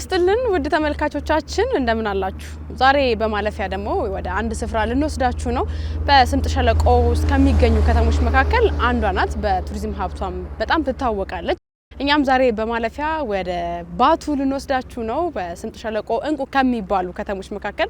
ይስጥልን ውድ ተመልካቾቻችን እንደምን አላችሁ? ዛሬ በማለፊያ ደግሞ ወደ አንድ ስፍራ ልንወስዳችሁ ነው። በስምጥ ሸለቆ ውስጥ ከሚገኙ ከተሞች መካከል አንዷ ናት። በቱሪዝም ሀብቷም በጣም ትታወቃለች። እኛም ዛሬ በማለፊያ ወደ ባቱ ልንወስዳችሁ ነው። በስምጥ ሸለቆ እንቁ ከሚባሉ ከተሞች መካከል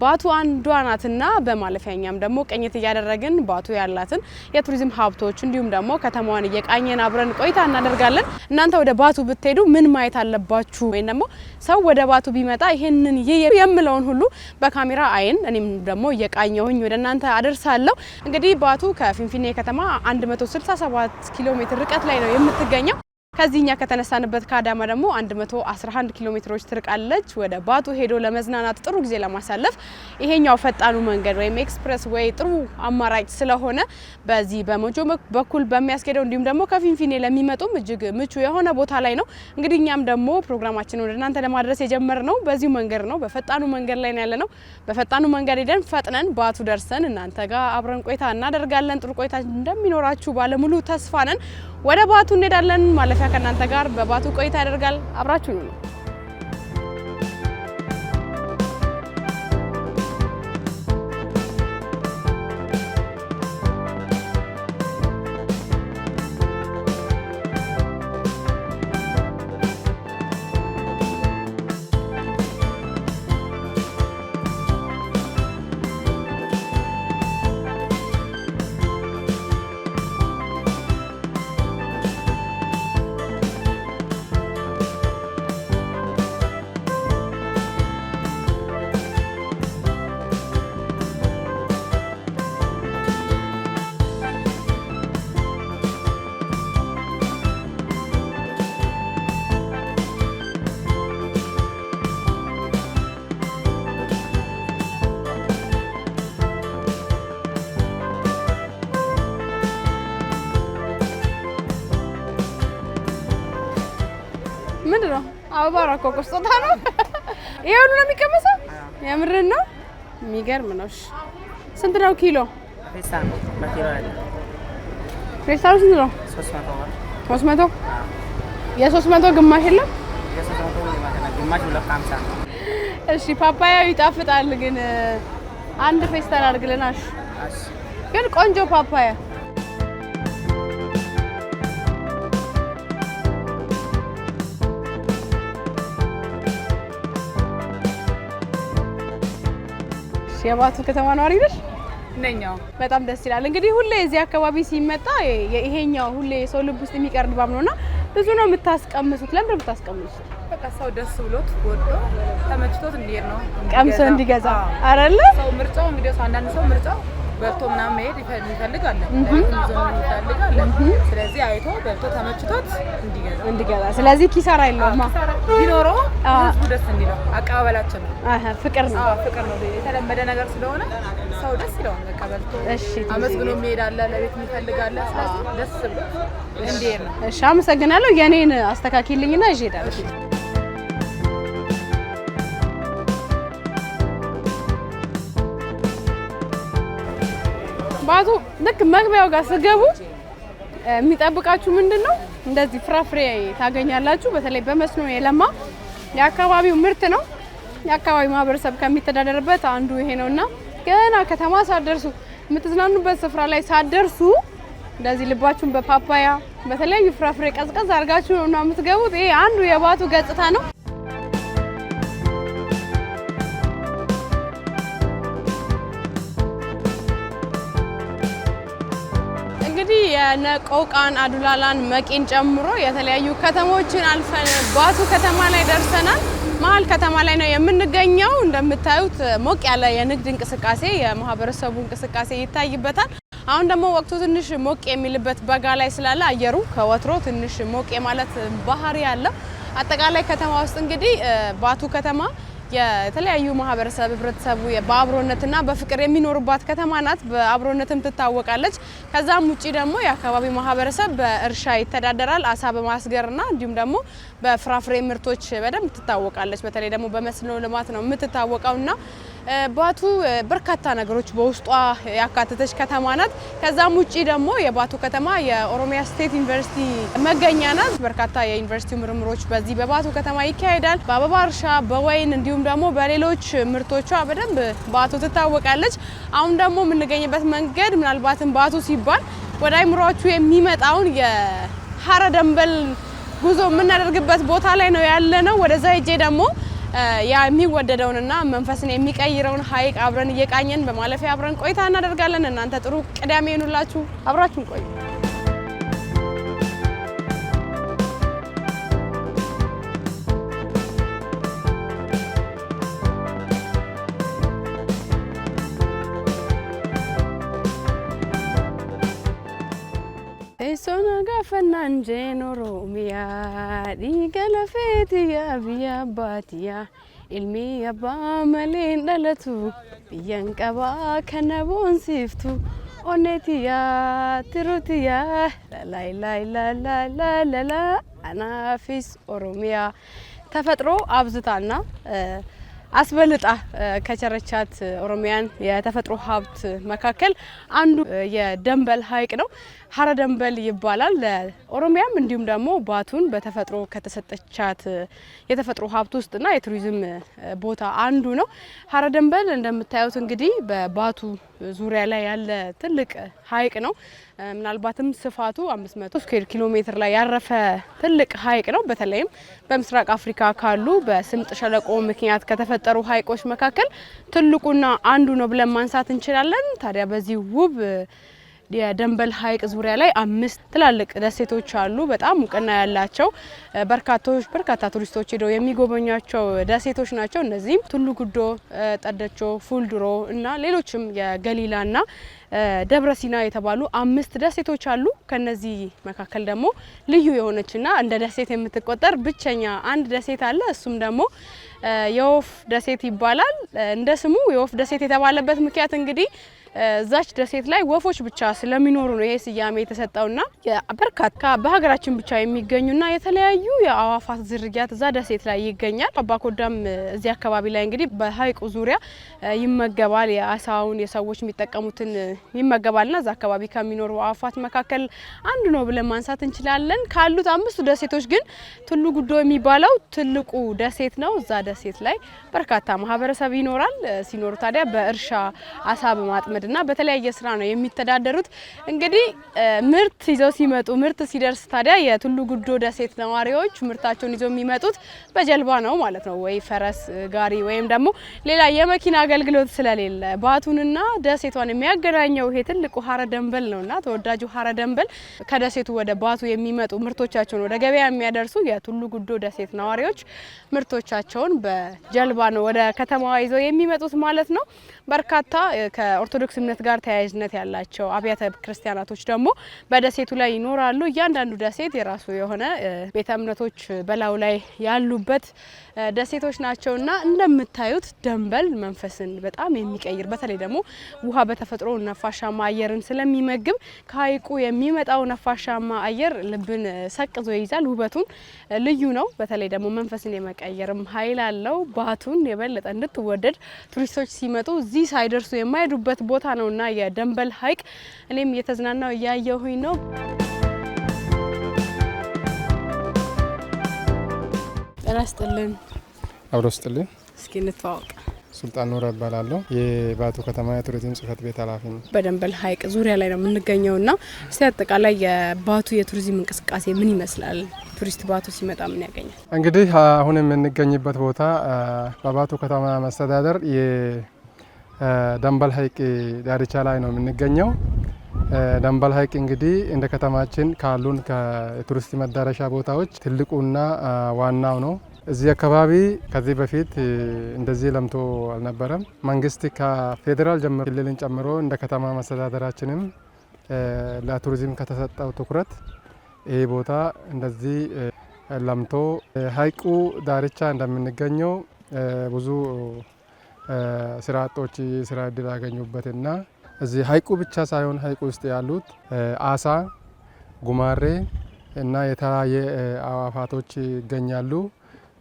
ባቱ አንዷ ናትና በማለፊያ እኛም ደግሞ ቅኝት እያደረግን ባቱ ያላትን የቱሪዝም ሀብቶች እንዲሁም ደግሞ ከተማዋን እየቃኘን አብረን ቆይታ እናደርጋለን። እናንተ ወደ ባቱ ብትሄዱ ምን ማየት አለባችሁ ወይም ደግሞ ሰው ወደ ባቱ ቢመጣ ይህንን ይህ የምለውን ሁሉ በካሜራ አይን እኔም ደግሞ እየቃኘሁኝ ወደ እናንተ አደርሳለሁ። እንግዲህ ባቱ ከፊንፊኔ ከተማ 167 ኪሎ ሜትር ርቀት ላይ ነው የምትገኘው። ከዚህኛ ከተነሳንበት ከአዳማ ደግሞ 111 ኪሎ ሜትሮች ትርቃለች። ወደ ባቱ ሄዶ ለመዝናናት ጥሩ ጊዜ ለማሳለፍ ይሄኛው ፈጣኑ መንገድ ወይም ኤክስፕረስ ወይ ጥሩ አማራጭ ስለሆነ በዚህ በሞጆ በኩል በሚያስኬደው እንዲሁም ደግሞ ከፊንፊኔ ለሚመጡም እጅግ ምቹ የሆነ ቦታ ላይ ነው። እንግዲህ እኛም ደግሞ ፕሮግራማችን ወደ እናንተ ለማድረስ የጀመርነው በዚሁ መንገድ ነው። በፈጣኑ መንገድ ላይ ያለ ነው። በፈጣኑ መንገድ ሄደን ፈጥነን ባቱ ደርሰን እናንተ ጋር አብረን ቆይታ እናደርጋለን። ጥሩ ቆይታ እንደሚኖራችሁ ባለሙሉ ተስፋ ነን። ወደ ባቱ እንሄዳለን ማለት መጨረሻ ከእናንተ ጋር በባቱ ቆይታ ያደርጋል። አብራችሁ ነው ዶላር እኮ ስጦታ ነው። ይሄ ሁሉ ነው የሚቀመሰው? የምር ነው። የሚገርም ነው። እሺ ስንት ነው ኪሎ? ፌስታሉ ስንት ነው? ሶስት መቶ የሶስት መቶ ግማሽ የለም። እሺ ፓፓያው ይጣፍጣል ግን አንድ ፌስታ አድርግልናሽ። ግን ቆንጆ ፓፓያ የባቱ ከተማ ነዋሪ ነሽ? ነኛው በጣም ደስ ይላል። እንግዲህ ሁሌ እዚህ አካባቢ ሲመጣ ይሄኛው ሁሌ ሰው ልብ ውስጥ የሚቀር ድባብ ነውና ብዙ ነው የምታስቀምሱት። ለምን ነው የምታስቀምሱት? በቃ ሰው ደስ ብሎት ወዶ ተመችቶት እንዲሄድ ነው ቀምሶ እንዲገዛ አረለ ሰው ምርጫው እንግዲህ አንዳንድ ሰው ምርጫው በልቶ ምናምን መሄድ እንፈልጋለን፣ ስለዚህ አይቶ በልቶ ተመችቶት እንዲገዛ እንዲገዛ። ስለዚህ ኪሳራ የለውም። ቢኖረው ህዝቡ ደስ እንዲለው አቀባበላችን ነው፣ ፍቅር ነው፣ ፍቅር ነው። የተለመደ ነገር ስለሆነ ሰው ደስ ይለዋል። በቃ በልቶ አመስግኖ የሚሄድ አለ፣ ለቤት የሚፈልግ ስለዚህ ደስ ብሎ እንዲሄድ ነው። እሺ፣ አመሰግናለሁ። የኔን አስተካኪልኝና ይሄዳል። ጠዋቱ ልክ መግቢያው ጋር ስገቡ የሚጠብቃችሁ ምንድን ነው? እንደዚህ ፍራፍሬ ታገኛላችሁ። በተለይ በመስኖ የለማ የአካባቢው ምርት ነው። የአካባቢው ማህበረሰብ ከሚተዳደርበት አንዱ ይሄ ነው እና ገና ከተማ ሳደርሱ የምትዝናኑበት ስፍራ ላይ ሳደርሱ እንደዚህ ልባችሁን በፓፓያ በተለያዩ ፍራፍሬ ቀዝቀዝ አድርጋችሁ ነው የምትገቡት። ይሄ አንዱ የባቱ ገጽታ ነው። ነቆቃን፣ አዱላላን፣ መቂን ጨምሮ የተለያዩ ከተሞችን አልፈን ባቱ ከተማ ላይ ደርሰናል። መሀል ከተማ ላይ ነው የምንገኘው። እንደምታዩት ሞቅ ያለ የንግድ እንቅስቃሴ፣ የማህበረሰቡ እንቅስቃሴ ይታይበታል። አሁን ደግሞ ወቅቱ ትንሽ ሞቅ የሚልበት በጋ ላይ ስላለ አየሩ ከወትሮ ትንሽ ሞቅ ማለት ባህሪ ያለው አጠቃላይ ከተማ ውስጥ እንግዲህ ባቱ ከተማ የተለያዩ ማህበረሰብ ህብረተሰቡ በአብሮነትና በፍቅር የሚኖሩባት ከተማ ናት። በአብሮነትም ትታወቃለች። ከዛም ውጭ ደግሞ የአካባቢው ማህበረሰብ በእርሻ ይተዳደራል። አሳ በማስገርና እንዲሁም ደግሞ በፍራፍሬ ምርቶች በደንብ ትታወቃለች። በተለይ ደግሞ በመስኖ ልማት ነው የምትታወቀውና ባቱ በርካታ ነገሮች በውስጧ ያካተተች ከተማ ናት። ከዛም ውጪ ደግሞ የባቱ ከተማ የኦሮሚያ ስቴት ዩኒቨርሲቲ መገኛ ናት። በርካታ የዩኒቨርሲቲ ምርምሮች በዚህ በባቱ ከተማ ይካሄዳል። በአበባ እርሻ፣ በወይን እንዲሁም ደግሞ በሌሎች ምርቶቿ በደንብ ባቱ ትታወቃለች። አሁን ደግሞ የምንገኝበት መንገድ ምናልባትም ባቱ ሲባል ወደ አይምሯችሁ የሚመጣውን የሀረ ደንበል ጉዞ የምናደርግበት ቦታ ላይ ነው ያለ ነው። ወደዛ ሄጄ ደግሞ የሚወደደውንና መንፈስን የሚቀይረውን ሀይቅ አብረን እየቃኘን በማለፊያ አብረን ቆይታ እናደርጋለን። እናንተ ጥሩ ቅዳሜ ይኑላችሁ። አብራችሁን ቆዩ። ገለፈናን ጀን ኦሮሚያ ዲገለፌት ያ ብያ አባትያ ኢልሚ አባ መሌን ደለቱ ብያን ቀባ ከነ ኦኔትያ ትሩትያ ላላይላይላላላላ አናፊስ ኦሮሚያ ተፈጥሮ አብዝታና አስበልጣ ከቸረቻት ኦሮሚያን የተፈጥሮ ሀብት መካከል አንዱ የደንበል ሀይቅ ነው። ሀረ ደንበል ይባላል። ለኦሮሚያም እንዲሁም ደግሞ ባቱን በተፈጥሮ ከተሰጠቻት የተፈጥሮ ሀብት ውስጥና የቱሪዝም ቦታ አንዱ ነው። ሀረ ደንበል እንደምታዩት እንግዲህ በባቱ ዙሪያ ላይ ያለ ትልቅ ሀይቅ ነው። ምናልባትም ስፋቱ 500 ስኩዌር ኪሎ ሜትር ላይ ያረፈ ትልቅ ሀይቅ ነው። በተለይም በምስራቅ አፍሪካ ካሉ በስምጥ ሸለቆ ምክንያት ከተፈጠሩ ሀይቆች መካከል ትልቁና አንዱ ነው ብለን ማንሳት እንችላለን። ታዲያ በዚህ ውብ የደንበል ሐይቅ ዙሪያ ላይ አምስት ትላልቅ ደሴቶች አሉ። በጣም እውቅና ያላቸው በርካቶች በርካታ ቱሪስቶች ሄደው የሚጎበኟቸው ደሴቶች ናቸው። እነዚህም ቱሉ ጉዶ፣ ጠደቾ፣ ፉልድሮ እና ሌሎችም የገሊላና ደብረ ሲና የተባሉ አምስት ደሴቶች አሉ። ከነዚህ መካከል ደግሞ ልዩ የሆነችና እንደ ደሴት የምትቆጠር ብቸኛ አንድ ደሴት አለ። እሱም ደግሞ የወፍ ደሴት ይባላል። እንደ ስሙ የወፍ ደሴት የተባለበት ምክንያት እንግዲህ እዛች ደሴት ላይ ወፎች ብቻ ስለሚኖሩ ነው ይሄ ስያሜ የተሰጠውና በርካታ በሀገራችን ብቻ የሚገኙና የተለያዩ የአዋፋት ዝርያት እዛ ደሴት ላይ ይገኛል። አባኮዳም እዚህ አካባቢ ላይ እንግዲህ በሀይቁ ዙሪያ ይመገባል። የአሳውን የሰዎች የሚጠቀሙትን ይመገባልና እዛ አካባቢ ከሚኖሩ አዋፋት መካከል አንዱ ነው ብለን ማንሳት እንችላለን። ካሉት አምስቱ ደሴቶች ግን ቱሉ ጉዶ የሚባለው ትልቁ ደሴት ነው። እዛ ደሴት ላይ በርካታ ማህበረሰብ ይኖራል። ሲኖሩ ታዲያ በእርሻ አሳ በማጥመ በዘመድና በተለያየ ስራ ነው የሚተዳደሩት። እንግዲህ ምርት ይዘው ሲመጡ ምርት ሲደርስ ታዲያ የቱሉ ጉዶ ደሴት ነዋሪዎች ምርታቸውን ይዘው የሚመጡት በጀልባ ነው ማለት ነው ወይ ፈረስ ጋሪ ወይም ደግሞ ሌላ የመኪና አገልግሎት ስለሌለ ባቱንና ደሴቷን የሚያገናኘው ይሄ ትልቁ ሀረ ደንበል ነውና ተወዳጁ ሀረ ደንበል ከደሴቱ ወደ ባቱ የሚመጡ ምርቶቻቸውን ወደ ገበያ የሚያደርሱ የቱሉ ጉዶ ደሴት ነዋሪዎች ምርቶቻቸውን በጀልባ ነው ወደ ከተማዋ ይዘው የሚመጡት ማለት ነው። በርካታ ከኦርቶዶክስ ከኦርቶዶክስ እምነት ጋር ተያያዥነት ያላቸው አብያተ ክርስቲያናቶች ደግሞ በደሴቱ ላይ ይኖራሉ። እያንዳንዱ ደሴት የራሱ የሆነ ቤተ እምነቶች በላዩ ላይ ያሉበት ደሴቶች ናቸውና እንደምታዩት ደንበል መንፈስን በጣም የሚቀይር በተለይ ደግሞ ውሃ በተፈጥሮ ነፋሻማ አየርን ስለሚመግብ ከሀይቁ የሚመጣው ነፋሻማ አየር ልብን ሰቅዞ ይይዛል። ውበቱን ልዩ ነው። በተለይ ደግሞ መንፈስን የመቀየርም ኃይል አለው። ባቱን የበለጠ እንድትወደድ ቱሪስቶች ሲመጡ እዚህ ሳይደርሱ የማይሄዱበት ቦታ ቦታ ነውና የደንበል ሀይቅ እኔም እየተዝናናው እያየሁኝ ነው። ጤና ይስጥልን። አብሮ ይስጥልን። እስኪ እንተዋወቅ። ሱልጣን ኑረ እባላለሁ የባቱ ከተማ የቱሪዝም ጽህፈት ቤት ኃላፊ ነው። በደንበል ሀይቅ ዙሪያ ላይ ነው የምንገኘው ና እስቲ አጠቃላይ የባቱ የቱሪዝም እንቅስቃሴ ምን ይመስላል? ቱሪስት ባቱ ሲመጣ ምን ያገኛል? እንግዲህ አሁን የምንገኝበት ቦታ በባቱ ከተማ መስተዳደር ደንበል ሐይቅ ዳርቻ ላይ ነው የምንገኘው። ደንበል ሐይቅ እንግዲህ እንደ ከተማችን ካሉን ከቱሪስት መዳረሻ ቦታዎች ትልቁና ዋናው ነው። እዚህ አካባቢ ከዚህ በፊት እንደዚህ ለምቶ አልነበረም። መንግስት ከፌዴራል ጀምሮ ክልልን ጨምሮ እንደ ከተማ መስተዳደራችንም ለቱሪዝም ከተሰጠው ትኩረት ይህ ቦታ እንደዚህ ለምቶ ሐይቁ ዳርቻ እንደምንገኘው ብዙ ስራ አጦች ስራ እድል ያገኙበትና እዚህ ሀይቁ ብቻ ሳይሆን ሀይቁ ውስጥ ያሉት አሳ፣ ጉማሬ እና የተለያየ አዋፋቶች ይገኛሉ።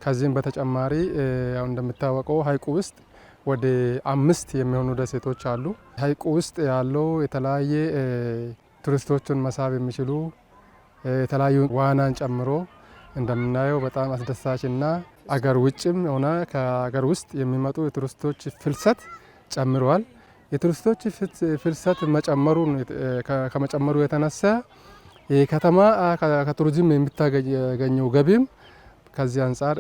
ከዚህም በተጨማሪ ያው እንደሚታወቀው ሀይቁ ውስጥ ወደ አምስት የሚሆኑ ደሴቶች አሉ። ሀይቁ ውስጥ ያለው የተለያየ ቱሪስቶችን መሳብ የሚችሉ የተለያዩ ዋናን ጨምሮ እንደምናየው በጣም አስደሳች ና። አገር ውጭም ሆነ ከሀገር ውስጥ የሚመጡ የቱሪስቶች ፍልሰት ጨምረዋል። የቱሪስቶች ፍልሰት ከመጨመሩ የተነሳ ከተማ ከቱሪዝም የምታገኘው ገቢም ከዚህ አንጻር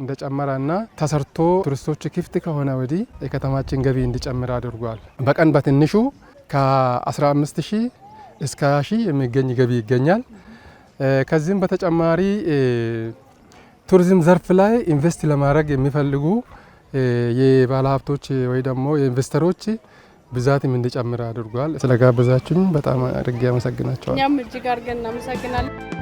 እንደጨመረና ተሰርቶ ቱሪስቶች ክፍት ከሆነ ወዲህ የከተማችን ገቢ እንዲጨምር አድርጓል። በቀን በትንሹ ከ15 ሺህ እስከ 20 ሺህ የሚገኝ ገቢ ይገኛል። ከዚህም በተጨማሪ ቱሪዝም ዘርፍ ላይ ኢንቨስት ለማድረግ የሚፈልጉ የባለ ሀብቶች ወይ ደግሞ የኢንቨስተሮች ብዛትም እንዲጨምር አድርጓል። ስለጋበዛችሁኝ በጣም አድርጌ አመሰግናቸዋል። እኛም እጅግ አድርገን እናመሰግናለን።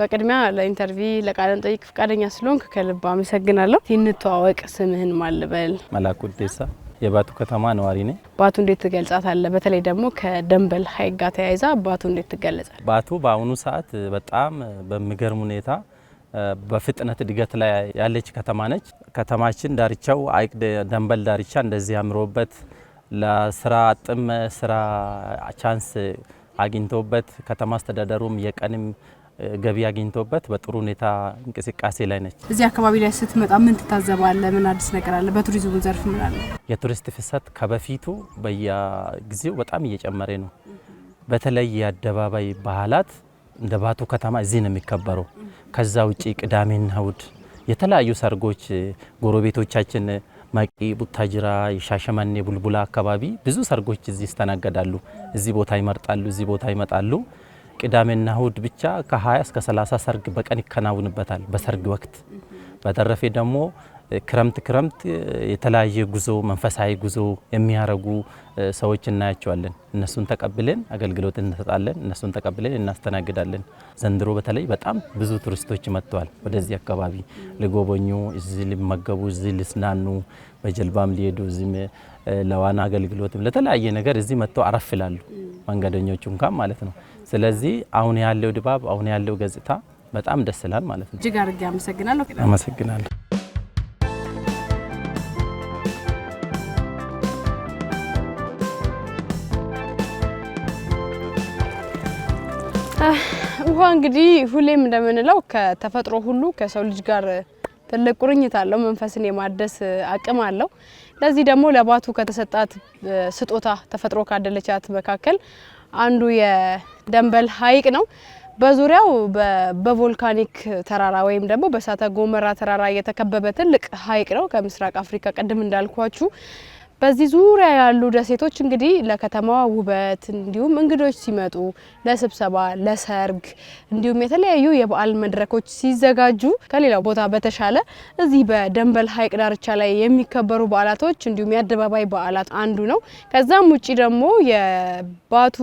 በቅድሚያ ለኢንተርቪ ለቃለን ጠይቅ ፍቃደኛ ስለሆንክ ከልብ አመሰግናለሁ። እንተዋወቅ፣ ስምህን ማልበል? መላኩ ዴሳ የባቱ ከተማ ነዋሪ ነኝ። ባቱ እንዴት ትገልጻታለህ? በተለይ ደግሞ ከደንበል ሐይቅ ጋር ተያይዛ ባቱ እንዴት ትገለጻል? ባቱ በአሁኑ ሰዓት በጣም በሚገርም ሁኔታ በፍጥነት እድገት ላይ ያለች ከተማ ነች። ከተማችን ዳርቻው ሐይቅ ደንበል ዳርቻ እንደዚህ አምሮበት ለስራ አጥም ስራ ቻንስ አግኝቶበት ከተማ አስተዳደሩም የቀንም ገቢ አግኝቶበት በጥሩ ሁኔታ እንቅስቃሴ ላይ ነች። እዚህ አካባቢ ላይ ስትመጣ ምን ትታዘባለ? ምን አዲስ ነገር አለ? በቱሪዝሙ ዘርፍ ምን አለ? የቱሪስት ፍሰት ከበፊቱ በየጊዜው በጣም እየጨመረ ነው። በተለይ የአደባባይ ባህላት እንደ ባቱ ከተማ እዚህ ነው የሚከበረው። ከዛ ውጭ ቅዳሜና እሁድ የተለያዩ ሰርጎች ጎረቤቶቻችን ማቂ፣ ቡታጅራ፣ የሻሸመኔ ቡልቡላ አካባቢ ብዙ ሰርጎች እዚህ ይስተናገዳሉ። እዚህ ቦታ ይመርጣሉ፣ እዚህ ቦታ ይመጣሉ። ቅዳሜና እሁድ ብቻ ከ20 እስከ 30 ሰርግ በቀን ይከናውንበታል። በሰርግ ወቅት በተረፈ ደግሞ ክረምት ክረምት የተለያየ ጉዞ መንፈሳዊ ጉዞ የሚያደርጉ ሰዎች እናያቸዋለን። እነሱን ተቀብለን አገልግሎት እንሰጣለን። እነሱን ተቀብለን እናስተናግዳለን። ዘንድሮ በተለይ በጣም ብዙ ቱሪስቶች መጥተዋል። ወደዚህ አካባቢ ሊጎበኙ፣ እዚህ ሊመገቡ፣ እዚህ ሊዝናኑ፣ በጀልባም ሊሄዱ፣ እዚህ ለዋና አገልግሎትም ለተለያየ ነገር እዚህ መጥተው አረፍ መንገደኞቹ እንኳን ማለት ነው ስለዚህ አሁን ያለው ድባብ አሁን ያለው ገጽታ በጣም ደስ ይላል ማለት ነው። እጅግ አድርጌ አመሰግናለሁ። አመሰግናለሁ። ውሃ እንግዲህ ሁሌም እንደምንለው ከተፈጥሮ ሁሉ ከሰው ልጅ ጋር ትልቅ ቁርኝት አለው። መንፈስን የማደስ አቅም አለው። ለዚህ ደግሞ ለባቱ ከተሰጣት ስጦታ ተፈጥሮ ካደለቻት መካከል አንዱ የደንበል ሀይቅ ነው። በዙሪያው በቮልካኒክ ተራራ ወይም ደግሞ በእሳተ ጎመራ ተራራ የተከበበ ትልቅ ሀይቅ ነው። ከምስራቅ አፍሪካ ቅድም እንዳልኳችሁ በዚህ ዙሪያ ያሉ ደሴቶች እንግዲህ ለከተማዋ ውበት እንዲሁም እንግዶች ሲመጡ ለስብሰባ፣ ለሰርግ እንዲሁም የተለያዩ የበዓል መድረኮች ሲዘጋጁ ከሌላው ቦታ በተሻለ እዚህ በደንበል ሐይቅ ዳርቻ ላይ የሚከበሩ በዓላቶች እንዲሁም የአደባባይ በዓላት አንዱ ነው። ከዛም ውጭ ደግሞ የባቱ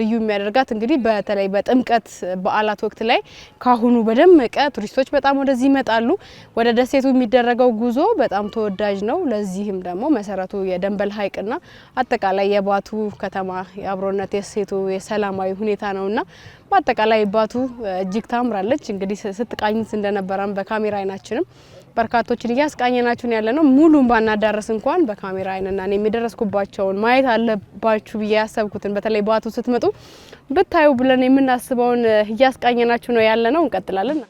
ልዩ የሚያደርጋት እንግዲህ በተለይ በጥምቀት በዓላት ወቅት ላይ ካሁኑ በደመቀ ቱሪስቶች በጣም ወደዚህ ይመጣሉ። ወደ ደሴቱ የሚደረገው ጉዞ በጣም ተወዳጅ ነው። ለዚህም ደግሞ መሰረቱ የደንበል ሀይቅና አጠቃላይ የባቱ ከተማ የአብሮነት የሴቱ የሰላማዊ ሁኔታ ነውና በአጠቃላይ ባቱ እጅግ ታምራለች። እንግዲህ ስትቃኝት እንደነበረም በካሜራ አይናችንም በርካቶችን እያስቃኘናችሁን ያለ ነው። ሙሉን ባናዳረስ እንኳን በካሜራ አይንና የሚደረስኩባቸውን ማየት አለባችሁ ብዬ ያሰብኩትን በተለይ ባቱ ስትመጡ ብታዩ ብለን የምናስበውን እያስቃኘናችሁ ነው ያለ ነው። እንቀጥላለን።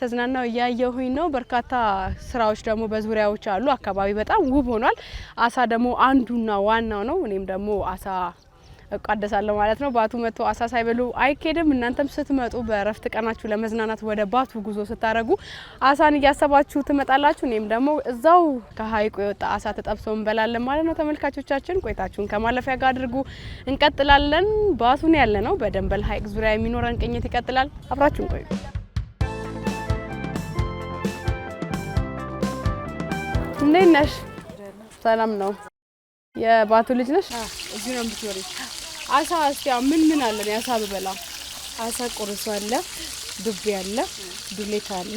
እየተዝናናው እያየሁኝ ነው። በርካታ ስራዎች ደግሞ በዙሪያዎች አሉ። አካባቢ በጣም ውብ ሆኗል። አሳ ደግሞ አንዱና ዋናው ነው። እኔም ደግሞ አሳ እቃደሳለሁ ማለት ነው። ባቱ መጥቶ አሳ ሳይበሉ አይኬድም። እናንተም ስትመጡ በእረፍት ቀናችሁ ለመዝናናት ወደ ባቱ ጉዞ ስታደርጉ አሳን እያሰባችሁ ትመጣላችሁ። እኔም ደግሞ እዛው ከሀይቁ የወጣ አሳ ተጠብሶ እንበላለን ማለት ነው። ተመልካቾቻችን ቆይታችሁን ከማለፊያ ጋር አድርጉ። እንቀጥላለን። ባቱን ያለ ነው በደንበል ሀይቅ ዙሪያ የሚኖረን ቅኝት ይቀጥላል። አብራችሁን ቆዩ። እንዴት ነሽ? ሰላም ነው። የባቱ ልጅ ነሽ? እዚህ ነው የምትኖሪ? አሳ እስኪ ምን ምን አለ? አሳ ብበላ አሳ ቆርሶ አለ፣ ዱቤ አለ፣ ዱሌት አለ፣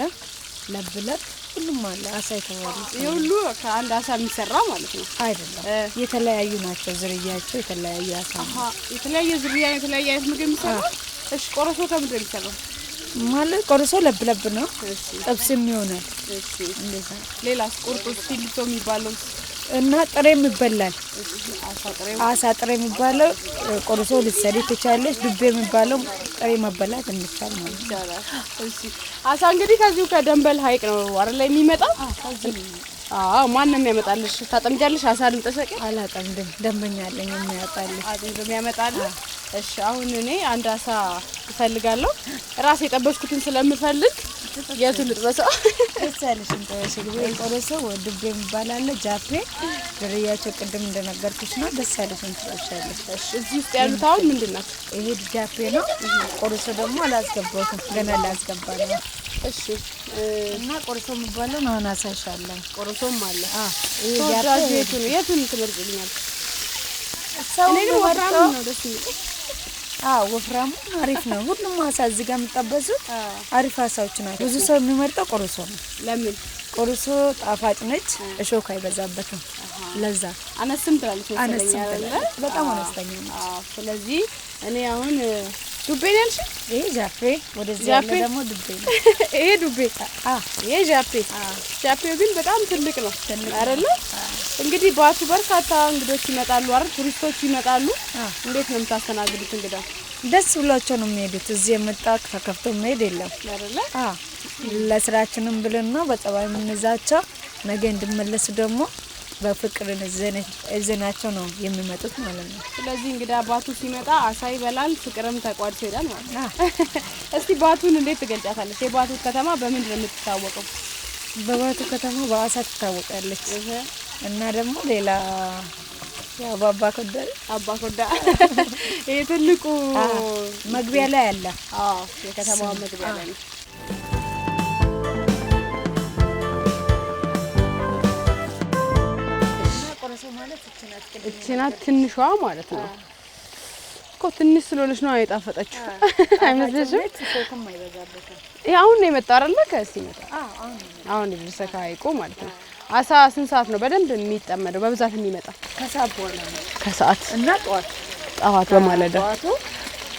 ለብለብ ሁሉም አለ። አሳ የተባለ የሁሉ ከአንድ አሳ የሚሰራ ማለት ነው አይደለም? የተለያዩ ናቸው ዝርያቸው፣ የተለያየ አሳ የተለያየ ዝርያ የተለያየ አይነት ምግብ የሚሰራ እሺ፣ ቆርሶ ከምንድን ነው ማለት ቆርሶ ለብለብ ነው። ጥብስም ይሆናል። ሌላ ቁርጥ ሲልቶ የሚባለው እና ጥሬም ይበላል። አሳ ጥሬ የሚባለው ቆርሶ ልትሰሪ ትቻለች። ዱቤ የሚባለው ጥሬ መበላት እንቻል ማለት አሳ እንግዲህ ከዚሁ ከደንበል ሀይቅ ነው አረ ላይ የሚመጣው። አዎ ማን ነው የሚያመጣልሽ? ታጠምጃለሽ? አሳ ልምጠሰቂ አላጠምድም። ደንበኛ አለኝ የሚያመጣልሽ። አጥምዶ የሚያመጣልሽ እሺ አሁን እኔ አንድ አሳ እፈልጋለሁ። ራሴ የጠበስኩትን ስለምፈልግ የቱን ልጥበሰው? ደሳለሽ እንጠበሽ ልቦ የቆረሰው ወድቤ የሚባል አለ። ጃፔ ድርያቸው ቅድም እንደነገርኩሽ ነው። ደሳለሽ እሺ እዚህ ውስጥ ያሉት አሁን ምንድን ናቸው? ይሄ ጃፔ ነው። ቆረሶ ደግሞ አላስገባሁትም፣ ገና ላስገባ ነው። እሺ እና ቆርሶ የሚባለው አሁን አሳይሻለሁ። ቆርሶም አለ። ይሄ ጃፔ የቱን ትመርጭልኛል? ሰው ነው ደስ የሚለው አዎ ወፍራሙ አሪፍ ነው። ሁሉም አሳ እዚህ ጋር የምጠበሱት አሪፍ አሳዎች ናቸው። ብዙ ሰው የሚመርጠው ቆርሶ ነው። ለምን ቆርሶ ጣፋጭ ነች፣ እሾክ አይበዛበትም። ለዛ አነስም ትላለች፣ አነስም በጣም አነስተኛ ነች። ስለዚህ እኔ አሁን ዱቤ ነው ያልሽኝ? ይሄ ጃፔ ወደዚህ ያለ ደግሞ ዱቤ ነው። ይሄ ዱቤ ይሄ ጃፔ ጃፔው ግን በጣም ትልቅ ነው አይደለ? እንግዲህ ባቱ በርካታ እንግዶች ይመጣሉ አይደል? ቱሪስቶች ይመጣሉ። እንዴት ነው የምታስተናግዱት እንግዳ? ደስ ብሏቸው ነው የሚሄዱት። እዚህ የመጣ ተከፍቶ መሄድ የለም አይደለ? ለስራችንም ብለን ነው በጸባይ የምንይዛቸው። ነገ እንድመለሱ ደግሞ በፍቅር እዝናቸው ነው የሚመጡት ማለት ነው። ስለዚህ እንግዲህ አባቱ ሲመጣ አሳ ይበላል፣ ፍቅርም ተቋድሶ ይሄዳል ማለት ነው። እስቲ ባቱን እንዴት ትገልጫታለች? የባቱ ከተማ በምንድን ነው የምትታወቀው? በባቱ ከተማ በአሳ ትታወቃለች እና ደግሞ ሌላ ያው በአባ ኮዳ አባ ኮዳ ይሄ ትልቁ መግቢያ ላይ አለ። አዎ የከተማዋ መግቢያ ላይ እችናት ትንሿ ማለት ነው እኮ ትንሽ ስለሆነች ነው የጣፈጠችው አይመስልሽም ይሄ አሁን ነው የመጣ አይደለ? ከእስ ይመጣ አሁን የደረሰ ከሀይቁ ማለት ነው። አሳ ስንት ሰዓት ነው በደንብ የሚጠመደው? በብዛት የሚመጣ ከሰዓት በኋላ ነው። ከሰዓት እና ጠዋት ጠዋት በማለዳ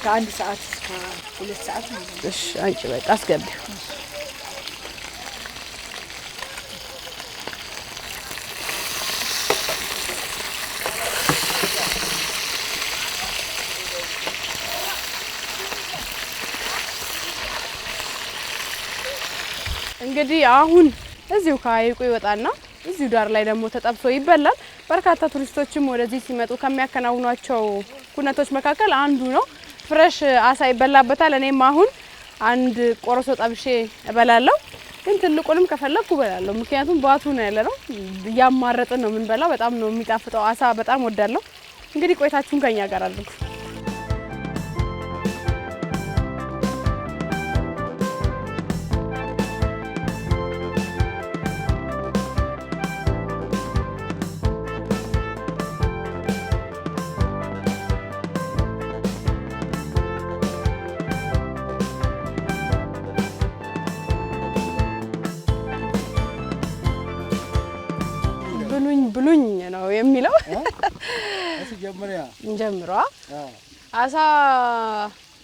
ከአንድ ሰዓት እስከ ሁለት ሰዓት ነው። እሺ አንቺ በቃ አስገቢው እንግዲህ አሁን እዚሁ ከሀይቁ ይወጣና እዚሁ ዳር ላይ ደግሞ ተጠብሶ ይበላል። በርካታ ቱሪስቶችም ወደዚህ ሲመጡ ከሚያከናውኗቸው ኩነቶች መካከል አንዱ ነው። ፍረሽ አሳ ይበላበታል። እኔም አሁን አንድ ቆሮሶ ጠብሼ እበላለሁ። ግን ትልቁንም ከፈለግኩ እበላለሁ፣ ምክንያቱም ባቱ ነው ያለ ነው እያማረጥን ነው የምንበላው። በጣም ነው የሚጣፍጠው። አሳ በጣም ወዳለሁ። እንግዲህ ቆይታችሁን ከኛ ጋር አድርጉ። እንጀምረዋ አሳ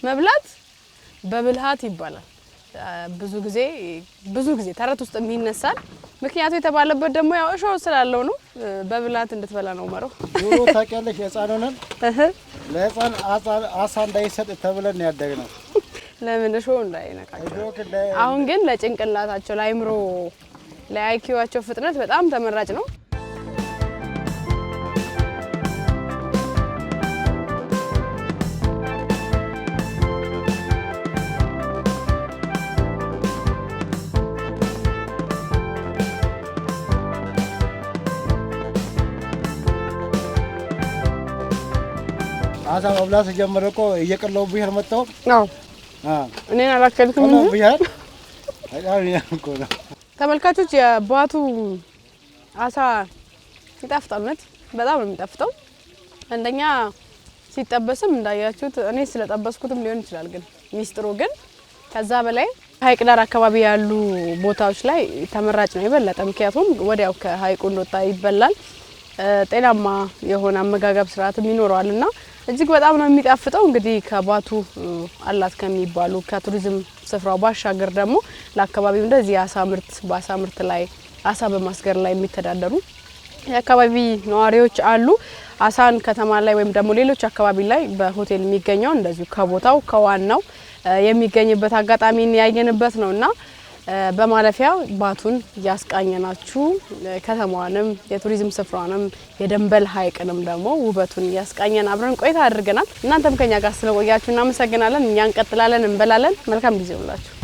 መብላት በብልሃት ይባላል። ብዙ ጊዜ ብዙ ጊዜ ተረት ውስጥ የሚነሳል። ምክንያቱ የተባለበት ደግሞ ያው እሾ ስላለው ነው። በብልሃት እንድትበላ ነው መሮ ታውቂያለሽ፣ የህፃን ሆነን ለህፃን አሳ እንዳይሰጥ ተብለን ለምን እንዳይነካቸው። አሁን ግን ለጭንቅላታቸው ለአይምሮ ለአይኪዋቸው ፍጥነት በጣም ተመራጭ ነው። አሳ መብላት ጀመረ እኮ እየቀለው ብሄር መጣው። አዎ እኔን አላከልክም እንጂ ብሄር ተመልካቾች የባቱ አሳ ይጣፍጣል። እውነት በጣም ነው የሚጣፍጠው። አንደኛ ሲጠበስም እንዳያችሁት እኔ ስለጠበስኩትም ሊሆን ይችላል፣ ግን ሚስጥሩ ግን ከዛ በላይ ሀይቅ ዳር አካባቢ ያሉ ቦታዎች ላይ ተመራጭ ነው የበለጠ። ምክንያቱም ወዲያው ከሀይቁ እንደወጣ ይበላል። ጤናማ የሆነ አመጋገብ ስርዓትም ይኖረዋል እና እጅግ በጣም ነው የሚጣፍጠው። እንግዲህ ከባቱ አላት ከሚባሉ ከቱሪዝም ስፍራው ባሻገር ደግሞ ለአካባቢው እንደዚህ የአሳ ምርት በአሳ ምርት ላይ አሳ በማስገር ላይ የሚተዳደሩ የአካባቢ ነዋሪዎች አሉ። አሳን ከተማ ላይ ወይም ደግሞ ሌሎች አካባቢ ላይ በሆቴል የሚገኘው እንደዚሁ ከቦታው ከዋናው የሚገኝበት አጋጣሚን ያየንበት ነው እና በማለፊያ ባቱን እያስቃኘናችሁ ከተማዋንም የቱሪዝም ስፍራንም የደንበል ሐይቅንም ደግሞ ውበቱን እያስቃኘን አብረን ቆይታ አድርገናል። እናንተም ከኛ ጋር ስለቆያችሁ እናመሰግናለን። እኛ እንቀጥላለን፣ እንበላለን። መልካም ጊዜ ሁላችሁ።